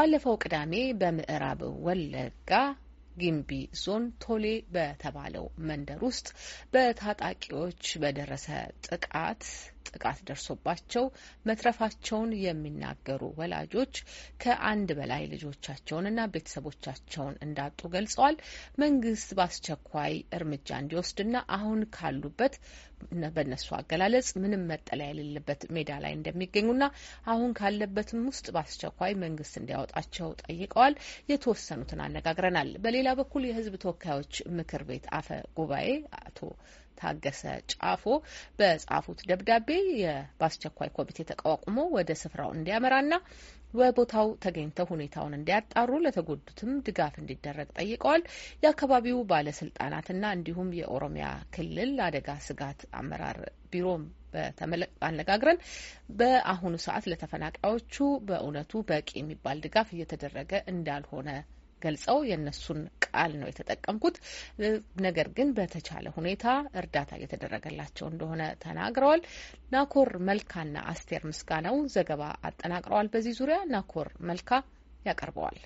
ባለፈው ቅዳሜ በምዕራብ ወለጋ ጊምቢ ዞን ቶሌ በተባለው መንደር ውስጥ በታጣቂዎች በደረሰ ጥቃት ጥቃት ደርሶባቸው መትረፋቸውን የሚናገሩ ወላጆች ከአንድ በላይ ልጆቻቸውንና ቤተሰቦቻቸውን እንዳጡ ገልጸዋል። መንግስት በአስቸኳይ እርምጃ እንዲወስድና አሁን ካሉበት በእነሱ አገላለጽ ምንም መጠለያ የሌለበት ሜዳ ላይ እንደሚገኙና አሁን ካለበትም ውስጥ በአስቸኳይ መንግስት እንዲያወጣቸው ጠይቀዋል። የተወሰኑትን አነጋግረናል። በሌላ በኩል የህዝብ ተወካዮች ምክር ቤት አፈ ጉባኤ አቶ ታገሰ ጫፎ በጻፉት ደብዳቤ በአስቸኳይ ኮሚቴ ተቋቁሞ ወደ ስፍራው እንዲያመራና በቦታው ተገኝተው ሁኔታውን እንዲያጣሩ ለተጎዱትም ድጋፍ እንዲደረግ ጠይቀዋል። የአካባቢው ባለስልጣናትና እንዲሁም የኦሮሚያ ክልል አደጋ ስጋት አመራር ቢሮም አነጋግረን በአሁኑ ሰዓት ለተፈናቃዮቹ በእውነቱ በቂ የሚባል ድጋፍ እየተደረገ እንዳልሆነ ገልጸው የእነሱን ቃል ነው የተጠቀምኩት። ነገር ግን በተቻለ ሁኔታ እርዳታ እየተደረገላቸው እንደሆነ ተናግረዋል። ናኮር መልካና አስቴር ምስጋናው ዘገባ አጠናቅረዋል። በዚህ ዙሪያ ናኮር መልካ ያቀርበዋል።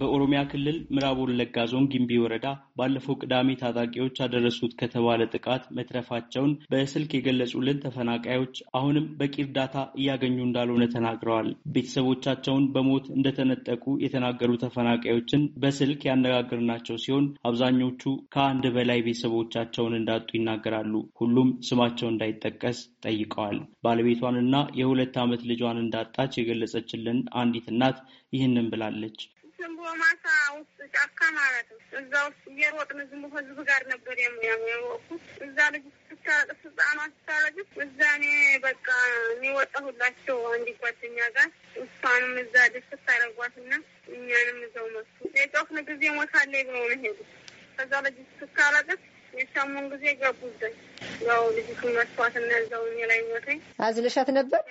በኦሮሚያ ክልል ምዕራብ ወለጋ ዞን ጊምቢ ወረዳ ባለፈው ቅዳሜ ታጣቂዎች ያደረሱት ከተባለ ጥቃት መትረፋቸውን በስልክ የገለጹልን ተፈናቃዮች አሁንም በቂ እርዳታ እያገኙ እንዳልሆነ ተናግረዋል። ቤተሰቦቻቸውን በሞት እንደተነጠቁ የተናገሩ ተፈናቃዮችን በስልክ ያነጋገርናቸው ሲሆን አብዛኞቹ ከአንድ በላይ ቤተሰቦቻቸውን እንዳጡ ይናገራሉ። ሁሉም ስማቸው እንዳይጠቀስ ጠይቀዋል። ባለቤቷንና የሁለት ዓመት ልጇን እንዳጣች የገለጸችልን አንዲት እናት ይህንን ብላለች። ዝም ብሎ ማሳ ውስጥ ጫካ ማለት ነው። እዛ ውስጥ እየሮጥን ዝም ብሎ ህዝብ ጋር ነበር እዛ ልጅ ስታለቅስ ህጻኗ ስታለቅስ እዛ እኔ በቃ የሚወጣሁላቸው አንድ ጓደኛ ጋር እሷንም እዛ ደስ ታረጓትና እኛንም እዛው ጊዜ ሞታለ ብለው ነው ሄዱ። ከዛ ልጅ ስታለቅስ የሰሙን ጊዜ ገቡበት። ያው ልጅቱ መስዋዕትና እዛው እኔ ላይ ሞተኝ። አዝለሻት ነበር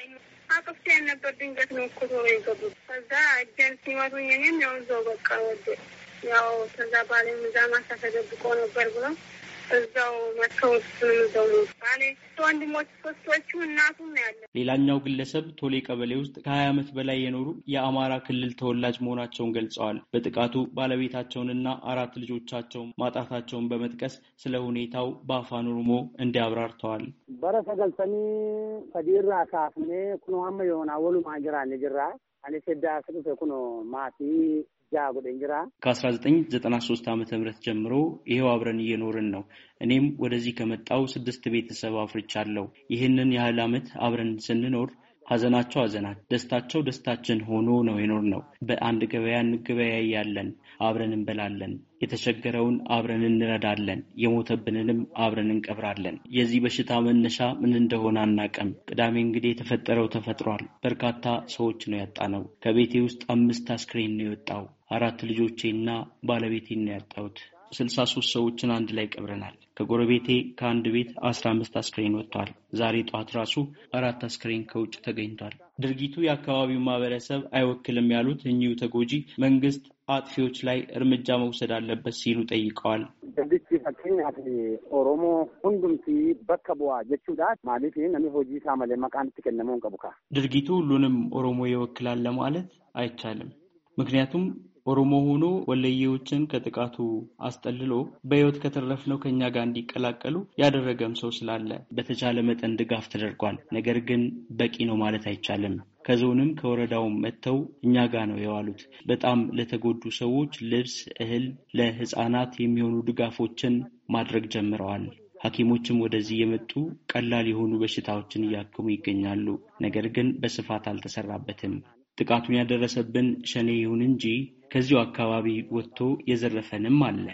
አቅፍቼ ያልነበር ድንገት ነው እኮ የገቡት። ከዛ እጀን ሲመቱኝ እኔም ያው እዛው በቃ ወደ ያው ከዛ ባለ ምዛ ማሳ ተደብቆ ነበር ብሎ እዛው መተውስ ደውሎ ውሳኔ ወንድሞች ሶስቶቹ እናቱ ነው ያለ ሌላኛው ግለሰብ ቶሌ ቀበሌ ውስጥ ከሀያ አመት በላይ የኖሩ የአማራ ክልል ተወላጅ መሆናቸውን ገልጸዋል። በጥቃቱ ባለቤታቸውንና አራት ልጆቻቸውን ማጣታቸውን በመጥቀስ ስለ ሁኔታው በአፋን ኦሮሞ እንዲህ አብራርተዋል። በረሰ ገልሰኒ ከዲራ ካፍኔ ኩኖ ሀመ የሆና አወሉ ማጅራ ንጅራ አኔ ሴዳ ስቅፍ ኩኖ ማቲ ከ1993 ዓ.ም ጀምሮ ይሄው አብረን እየኖርን ነው። እኔም ወደዚህ ከመጣው ስድስት ቤተሰብ አፍርቻለሁ። ይህንን ያህል ዓመት አብረን ስንኖር ሐዘናቸው ሐዘናት፣ ደስታቸው ደስታችን ሆኖ ነው የኖር ነው። በአንድ ገበያ እንገበያያለን፣ አብረን እንበላለን፣ የተቸገረውን አብረን እንረዳለን፣ የሞተብንንም አብረን እንቀብራለን። የዚህ በሽታ መነሻ ምን እንደሆነ አናቀም ቅዳሜ እንግዲህ የተፈጠረው ተፈጥሯል። በርካታ ሰዎች ነው ያጣነው። ከቤቴ ውስጥ አምስት አስክሬን ነው የወጣው። አራት ልጆቼና ባለቤቴን ነው ያጣሁት። ስልሳ ሶስት ሰዎችን አንድ ላይ ቀብረናል። ከጎረቤቴ ከአንድ ቤት አስራ አምስት አስክሬን ወጥተዋል። ዛሬ ጠዋት ራሱ አራት አስክሬን ከውጭ ተገኝቷል። ድርጊቱ የአካባቢው ማህበረሰብ አይወክልም ያሉት እኚሁ ተጎጂ መንግስት አጥፊዎች ላይ እርምጃ መውሰድ አለበት ሲሉ ጠይቀዋል። ኦሮሞ ጀቹዳ ነሚ ሆጂ መቃን ቀቡካ ድርጊቱ ሁሉንም ኦሮሞ ይወክላል ለማለት አይቻልም። ምክንያቱም ኦሮሞ ሆኖ ወለየዎችን ከጥቃቱ አስጠልሎ በህይወት ከተረፍነው ከኛ ጋር እንዲቀላቀሉ ያደረገም ሰው ስላለ በተቻለ መጠን ድጋፍ ተደርጓል። ነገር ግን በቂ ነው ማለት አይቻልም። ከዞንም ከወረዳውም መጥተው እኛ ጋር ነው የዋሉት። በጣም ለተጎዱ ሰዎች ልብስ፣ እህል፣ ለህፃናት የሚሆኑ ድጋፎችን ማድረግ ጀምረዋል። ሐኪሞችም ወደዚህ የመጡ ቀላል የሆኑ በሽታዎችን እያክሙ ይገኛሉ። ነገር ግን በስፋት አልተሰራበትም። ጥቃቱን ያደረሰብን ሸኔ ይሁን እንጂ ከዚሁ አካባቢ ወጥቶ የዘረፈንም አለ።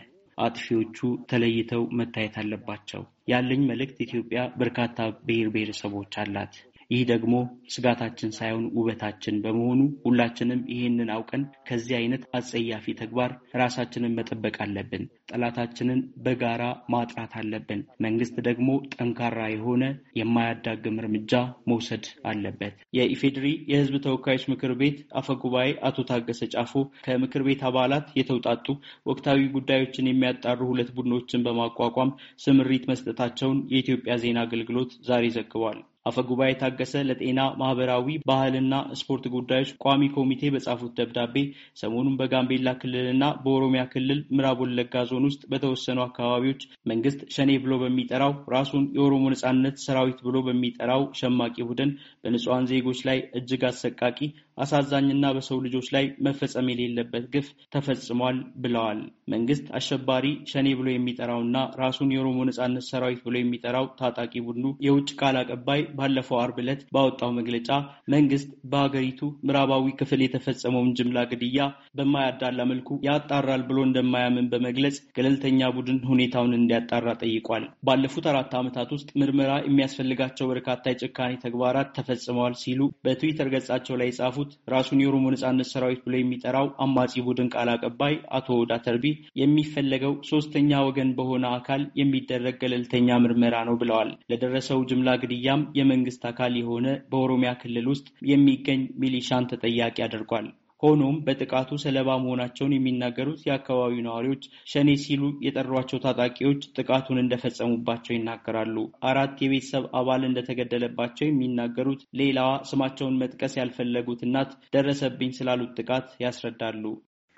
አጥፊዎቹ ተለይተው መታየት አለባቸው። ያለኝ መልእክት ኢትዮጵያ በርካታ ብሔር ብሔረሰቦች አላት። ይህ ደግሞ ስጋታችን ሳይሆን ውበታችን በመሆኑ ሁላችንም ይህንን አውቀን ከዚህ አይነት አጸያፊ ተግባር ራሳችንን መጠበቅ አለብን። ጠላታችንን በጋራ ማጥራት አለብን። መንግስት ደግሞ ጠንካራ የሆነ የማያዳግም እርምጃ መውሰድ አለበት። የኢፌዴሪ የህዝብ ተወካዮች ምክር ቤት አፈ ጉባኤ አቶ ታገሰ ጫፎ ከምክር ቤት አባላት የተውጣጡ ወቅታዊ ጉዳዮችን የሚያጣሩ ሁለት ቡድኖችን በማቋቋም ስምሪት መስጠታቸውን የኢትዮጵያ ዜና አገልግሎት ዛሬ ዘግቧል። አፈጉባኤ ታገሰ ለጤና ማህበራዊ፣ ባህልና ስፖርት ጉዳዮች ቋሚ ኮሚቴ በጻፉት ደብዳቤ ሰሞኑን በጋምቤላ ክልልና በኦሮሚያ ክልል ምዕራብ ወለጋ ዞን ውስጥ በተወሰኑ አካባቢዎች መንግስት ሸኔ ብሎ በሚጠራው ራሱን የኦሮሞ ነጻነት ሰራዊት ብሎ በሚጠራው ሸማቂ ቡድን በንጹሐን ዜጎች ላይ እጅግ አሰቃቂ አሳዛኝና በሰው ልጆች ላይ መፈጸም የሌለበት ግፍ ተፈጽሟል ብለዋል። መንግስት አሸባሪ ሸኔ ብሎ የሚጠራውና ራሱን የኦሮሞ ነጻነት ሰራዊት ብሎ የሚጠራው ታጣቂ ቡድኑ የውጭ ቃል አቀባይ ባለፈው አርብ ዕለት ባወጣው መግለጫ መንግስት በሀገሪቱ ምዕራባዊ ክፍል የተፈጸመውን ጅምላ ግድያ በማያዳላ መልኩ ያጣራል ብሎ እንደማያምን በመግለጽ ገለልተኛ ቡድን ሁኔታውን እንዲያጣራ ጠይቋል። ባለፉት አራት ዓመታት ውስጥ ምርመራ የሚያስፈልጋቸው በርካታ የጭካኔ ተግባራት ተፈጽመዋል ሲሉ በትዊተር ገጻቸው ላይ የጻፉ የተሳተፉት ራሱን የኦሮሞ ነጻነት ሰራዊት ብሎ የሚጠራው አማጺ ቡድን ቃል አቀባይ አቶ ዳተርቢ የሚፈለገው ሶስተኛ ወገን በሆነ አካል የሚደረግ ገለልተኛ ምርመራ ነው ብለዋል። ለደረሰው ጅምላ ግድያም የመንግስት አካል የሆነ በኦሮሚያ ክልል ውስጥ የሚገኝ ሚሊሻን ተጠያቂ አድርጓል። ሆኖም በጥቃቱ ሰለባ መሆናቸውን የሚናገሩት የአካባቢው ነዋሪዎች ሸኔ ሲሉ የጠሯቸው ታጣቂዎች ጥቃቱን እንደፈጸሙባቸው ይናገራሉ። አራት የቤተሰብ አባል እንደተገደለባቸው የሚናገሩት ሌላዋ ስማቸውን መጥቀስ ያልፈለጉት እናት ደረሰብኝ ስላሉት ጥቃት ያስረዳሉ።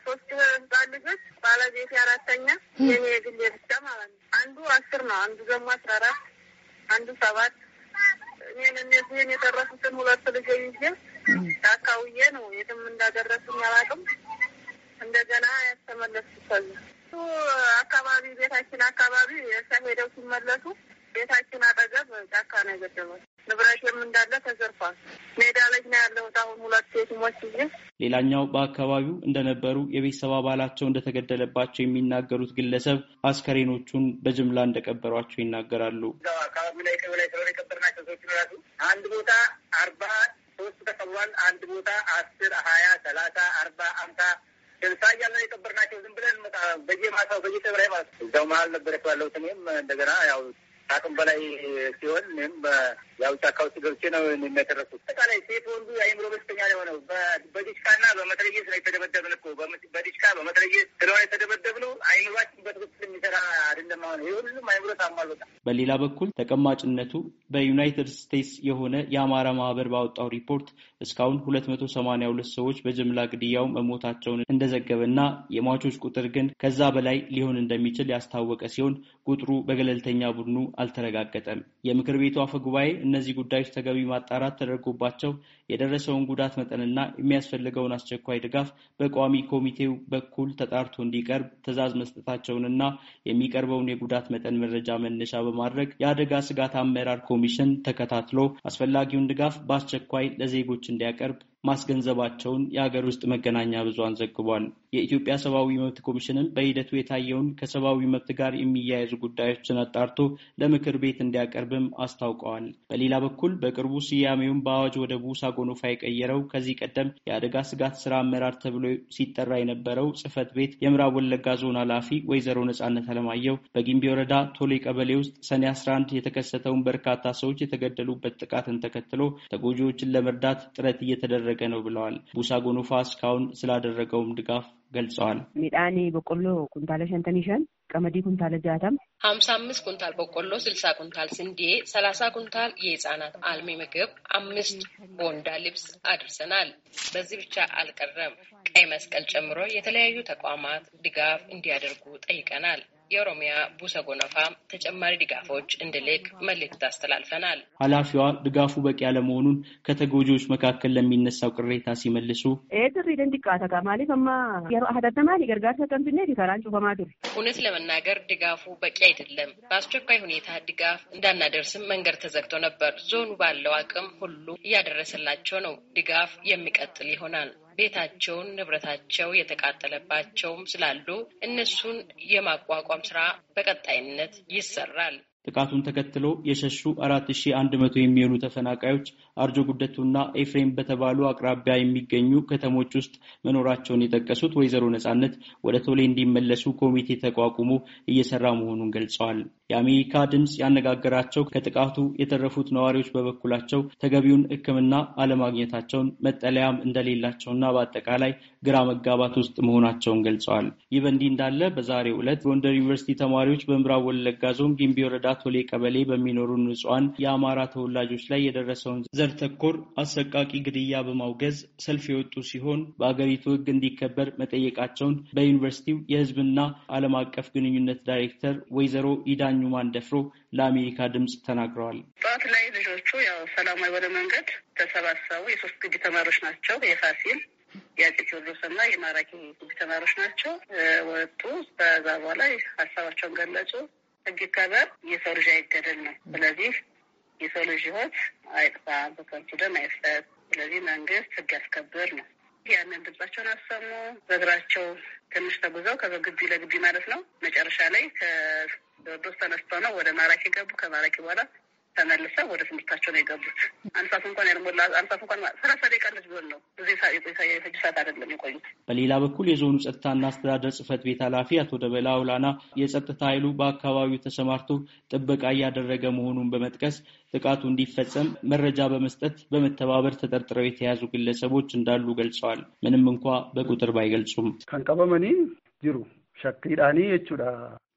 ሶስት ህጻን ልጆች አራተኛ፣ የኔ የግሌ ብቻ ማለት ነው። አንዱ አስር ነው፣ አንዱ ደግሞ አስራ አራት አንዱ ሰባት እኔን እነዚህን የተረፉትን ሁለት ልጆች ታካውዬ ነው የትም እንዳደረሱኝ አላውቅም። እንደገና ያስተመለሱ ሰው አካባቢ ቤታችን አካባቢ እሳ ሄደው ሲመለሱ ቤታችን አጠገብ ጫካ ነው የገደበው። ንብረቴም እንዳለ ተዘርፏል። ሜዳ ላይ ነው ያለሁት አሁን ሁለት ሴትሞች ጊዜ ሌላኛው በአካባቢው እንደነበሩ የቤተሰብ አባላቸው እንደተገደለባቸው የሚናገሩት ግለሰብ አስከሬኖቹን በጅምላ እንደቀበሯቸው ይናገራሉ። አካባቢ ላይ ላይ የቀበርናቸው ሰዎች ራሱ አንድ ቦታ አርባ ሶስት ተቀብሯል። አንድ ቦታ አስር ሀያ ሰላሳ አርባ አምሳ ስልሳ እያለ የቀበር ናቸው። ዝም ብለን በየ ማሳው በየ ተብራይ እዛው መሀል ነበረ ባለው እኔም እንደገና ያው አቅም በላይ ሲሆን እኔም ያው ጫካ ውስጥ ገብቼ ነው የሚያተረፉት። አጠቃላይ ሴት ወንዱ አይምሮ በሽተኛ የሆነው በዲሽካና በመትረየስ ነው የተደበደብን እኮ በዲሽካ በመትረየስ ስለሆነ የተደበደብ ነው። አይምሯችን በትክክል የሚሰራ አይደለም። አሁን ይህ ሁሉም አይምሮ ታሟል። በጣም በሌላ በኩል ተቀማጭነቱ በዩናይትድ ስቴትስ የሆነ የአማራ ማህበር ባወጣው ሪፖርት እስካሁን ሁለት መቶ ሰማኒያ ሁለት ሰዎች በጅምላ ግድያው መሞታቸውን እንደዘገበ እንደዘገበና የሟቾች ቁጥር ግን ከዛ በላይ ሊሆን እንደሚችል ያስታወቀ ሲሆን ቁጥሩ በገለልተኛ ቡድኑ አልተረጋገጠም። የምክር ቤቱ አፈ ጉባኤ እነዚህ ጉዳዮች ተገቢ ማጣራት ተደርጎባቸው የደረሰውን ጉዳት መጠንና የሚያስፈልገውን አስቸኳይ ድጋፍ በቋሚ ኮሚቴው በኩል ተጣርቶ እንዲቀርብ ትዕዛዝ መስጠታቸውንና የሚቀርበውን የጉዳት መጠን መረጃ መነሻ በማድረግ የአደጋ ስጋት አመራር ኮሚሽን ተከታትሎ አስፈላጊውን ድጋፍ በአስቸኳይ ለዜጎች እንዲያቀርብ ማስገንዘባቸውን የሀገር ውስጥ መገናኛ ብዙሃን ዘግቧል። የኢትዮጵያ ሰብአዊ መብት ኮሚሽንን በሂደቱ የታየውን ከሰብአዊ መብት ጋር የሚያያዙ ጉዳዮችን አጣርቶ ለምክር ቤት እንዲያቀርብም አስታውቀዋል። በሌላ በኩል በቅርቡ ስያሜውን በአዋጅ ወደ ቡሳ ጎኖፋ የቀየረው ከዚህ ቀደም የአደጋ ስጋት ስራ አመራር ተብሎ ሲጠራ የነበረው ጽህፈት ቤት የምዕራብ ወለጋ ዞን ኃላፊ ወይዘሮ ነጻነት አለማየሁ በጊምቢ ወረዳ ቶሌ ቀበሌ ውስጥ ሰኔ 11 የተከሰተውን በርካታ ሰዎች የተገደሉበት ጥቃትን ተከትሎ ተጎጂዎችን ለመርዳት ጥረት እየተደረገ ነው ብለዋል። ቡሳ ጎኖፋ እስካሁን ስላደረገውም ድጋፍ ገልጸዋል። ሚጣኒ በቆሎ ኩንታለ ሸንተኒሸን ሸን ቀመዲ ኩንታለ ጃተም ሀምሳ አምስት ኩንታል በቆሎ ስልሳ ኩንታል ስንዴ ሰላሳ ኩንታል የህፃናት አልሚ ምግብ አምስት ቦንዳ ልብስ አድርሰናል። በዚህ ብቻ አልቀረም። ቀይ መስቀል ጨምሮ የተለያዩ ተቋማት ድጋፍ እንዲያደርጉ ጠይቀናል። የኦሮሚያ ቡሰ ጎነፋ ተጨማሪ ድጋፎች እንዲልክ መልእክት አስተላልፈናል። ኃላፊዋ ድጋፉ በቂ ያለመሆኑን ከተጎጂዎች መካከል ለሚነሳው ቅሬታ ሲመልሱ እውነት ለመናገር ድጋፉ በቂ አይደለም። በአስቸኳይ ሁኔታ ድጋፍ እንዳናደርስም መንገድ ተዘግቶ ነበር። ዞኑ ባለው አቅም ሁሉ እያደረሰላቸው ነው። ድጋፍ የሚቀጥል ይሆናል። ቤታቸውን፣ ንብረታቸው የተቃጠለባቸውም ስላሉ እነሱን የማቋቋም ስራ በቀጣይነት ይሰራል። ጥቃቱን ተከትሎ የሸሹ አራት ሺህ አንድ መቶ የሚሆኑ ተፈናቃዮች አርጆ ጉደቱና ኤፍሬም በተባሉ አቅራቢያ የሚገኙ ከተሞች ውስጥ መኖራቸውን የጠቀሱት ወይዘሮ ነጻነት ወደ ቶሌ እንዲመለሱ ኮሚቴ ተቋቁሞ እየሰራ መሆኑን ገልጸዋል። የአሜሪካ ድምፅ ያነጋገራቸው ከጥቃቱ የተረፉት ነዋሪዎች በበኩላቸው ተገቢውን ሕክምና አለማግኘታቸውን መጠለያም እንደሌላቸውና በአጠቃላይ ግራ መጋባት ውስጥ መሆናቸውን ገልጸዋል። ይህ በእንዲህ እንዳለ በዛሬው ዕለት ጎንደር ዩኒቨርሲቲ ተማሪዎች በምዕራብ ወለጋ ዞን ጊምቢ ወረዳ ቶሌ ቀበሌ በሚኖሩ ንጹሐን የአማራ ተወላጆች ላይ የደረሰውን ዘር ተኮር አሰቃቂ ግድያ በማውገዝ ሰልፍ የወጡ ሲሆን በአገሪቱ ሕግ እንዲከበር መጠየቃቸውን በዩኒቨርሲቲው የሕዝብና ዓለም አቀፍ ግንኙነት ዳይሬክተር ወይዘሮ ኢዳኙ ማንደፍሮ ለአሜሪካ ድምፅ ተናግረዋል። ጠዋት ላይ ልጆቹ ያው ሰላማዊ ወደ መንገድ ተሰባሰቡ። የሶስት ግቢ ተማሪዎች ናቸው። የፋሲል የአፄ ቴዎድሮስ እና የማራኪ ግቢ ተማሪዎች ናቸው። ወጡ። ከዛ በኋላ ሀሳባቸውን ገለጹ። ሕግ ይከበር፣ የሰው ልጅ አይገደል ነው። ስለዚህ የሰው ልጅ ህይወት አይጥፋ፣ በከንቱ ደም አይፍሰስ። ስለዚህ መንግስት ህግ ያስከብር ነው። ያንን ድምጻቸውን አሰሙ። በእግራቸው ትንሽ ተጉዘው ከግቢ ለግቢ ማለት ነው። መጨረሻ ላይ ከቴዎድሮስ ተነስተው ነው ወደ ማራኪ ገቡ። ከማራኪ በኋላ ተመልሰው ወደ ትምህርታቸው ነው የገቡት። አንድ ሰዓት እንኳን ያልሞላ አንድ ሰዓት እንኳን ሰላሳ ደቂቃ ልጅ ቢሆን ነው ብዙ የፈጅ ሰዓት አይደለም የቆዩት። በሌላ በኩል የዞኑ ጸጥታና አስተዳደር ጽህፈት ቤት ኃላፊ አቶ ደበላ አውላና የጸጥታ ኃይሉ በአካባቢው ተሰማርቶ ጥበቃ እያደረገ መሆኑን በመጥቀስ ጥቃቱ እንዲፈጸም መረጃ በመስጠት በመተባበር ተጠርጥረው የተያዙ ግለሰቦች እንዳሉ ገልጸዋል። ምንም እንኳ በቁጥር ባይገልጹም ከንቀበመኒ ጅሩ ሸክዳኒ የቹዳ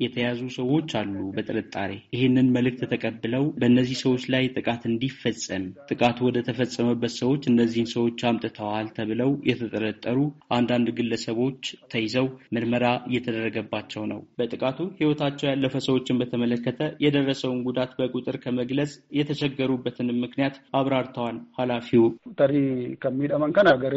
የተያዙ ሰዎች አሉ በጥርጣሬ ይህንን መልእክት ተቀብለው በእነዚህ ሰዎች ላይ ጥቃት እንዲፈጸም ጥቃቱ ወደ ተፈጸመበት ሰዎች እነዚህን ሰዎች አምጥተዋል ተብለው የተጠረጠሩ አንዳንድ ግለሰቦች ተይዘው ምርመራ እየተደረገባቸው ነው። በጥቃቱ ሕይወታቸው ያለፈ ሰዎችን በተመለከተ የደረሰውን ጉዳት በቁጥር ከመግለጽ የተቸገሩበትንም ምክንያት አብራርተዋል ኃላፊው ጠሪ ከሚደመንከን አገሬ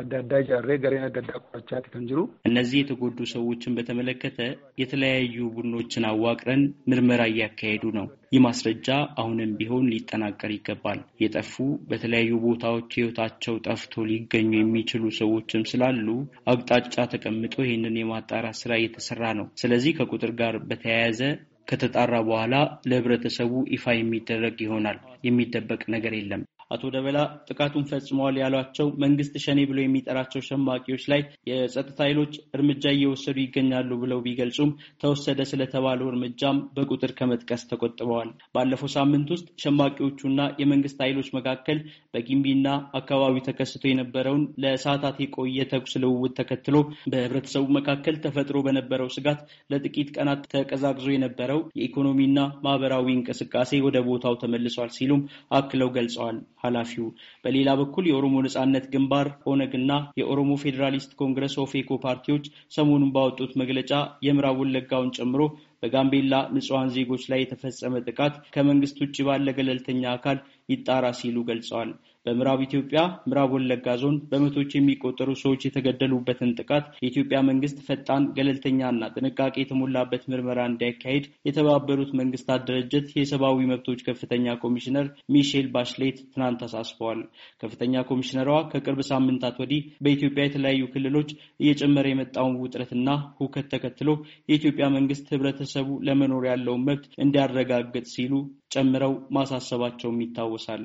adda addaa ijaarree gareen adda addaa እነዚህ የተጎዱ ሰዎችን በተመለከተ የተለያዩ ቡድኖችን አዋቅረን ምርመራ እያካሄዱ ነው። ይህ ማስረጃ አሁንም ቢሆን ሊጠናቀር ይገባል። የጠፉ በተለያዩ ቦታዎች ህይወታቸው ጠፍቶ ሊገኙ የሚችሉ ሰዎችም ስላሉ አቅጣጫ ተቀምጦ ይህንን የማጣራት ስራ እየተሰራ ነው። ስለዚህ ከቁጥር ጋር በተያያዘ ከተጣራ በኋላ ለህብረተሰቡ ይፋ የሚደረግ ይሆናል። የሚደበቅ ነገር የለም። አቶ ደበላ ጥቃቱን ፈጽመዋል ያሏቸው መንግስት ሸኔ ብሎ የሚጠራቸው ሸማቂዎች ላይ የጸጥታ ኃይሎች እርምጃ እየወሰዱ ይገኛሉ ብለው ቢገልጹም ተወሰደ ስለተባለው እርምጃም በቁጥር ከመጥቀስ ተቆጥበዋል። ባለፈው ሳምንት ውስጥ ሸማቂዎቹና የመንግስት ኃይሎች መካከል በጊምቢና አካባቢው ተከስቶ የነበረውን ለሰዓታት የቆየ ተኩስ ልውውጥ ተከትሎ በህብረተሰቡ መካከል ተፈጥሮ በነበረው ስጋት ለጥቂት ቀናት ተቀዛቅዞ የነበረው የኢኮኖሚና ማህበራዊ እንቅስቃሴ ወደ ቦታው ተመልሷል ሲሉም አክለው ገልጸዋል። ኃላፊው። በሌላ በኩል የኦሮሞ ነጻነት ግንባር ኦነግና የኦሮሞ ፌዴራሊስት ኮንግረስ ኦፌኮ ፓርቲዎች ሰሞኑን ባወጡት መግለጫ የምዕራብ ወለጋውን ጨምሮ በጋምቤላ ንጹሐን ዜጎች ላይ የተፈጸመ ጥቃት ከመንግስት ውጭ ባለ ገለልተኛ አካል ይጣራ ሲሉ ገልጸዋል። በምዕራብ ኢትዮጵያ ምዕራብ ወለጋ ዞን በመቶዎች የሚቆጠሩ ሰዎች የተገደሉበትን ጥቃት የኢትዮጵያ መንግስት ፈጣን ገለልተኛና ጥንቃቄ የተሞላበት ምርመራ እንዲያካሄድ የተባበሩት መንግስታት ድርጅት የሰብአዊ መብቶች ከፍተኛ ኮሚሽነር ሚሼል ባሽሌት ትናንት አሳስበዋል። ከፍተኛ ኮሚሽነሯ ከቅርብ ሳምንታት ወዲህ በኢትዮጵያ የተለያዩ ክልሎች እየጨመረ የመጣውን ውጥረትና ሁከት ተከትሎ የኢትዮጵያ መንግስት ህብረተሰቡ ለመኖር ያለውን መብት እንዲያረጋግጥ ሲሉ ጨምረው ማሳሰባቸውም ይታወሳል።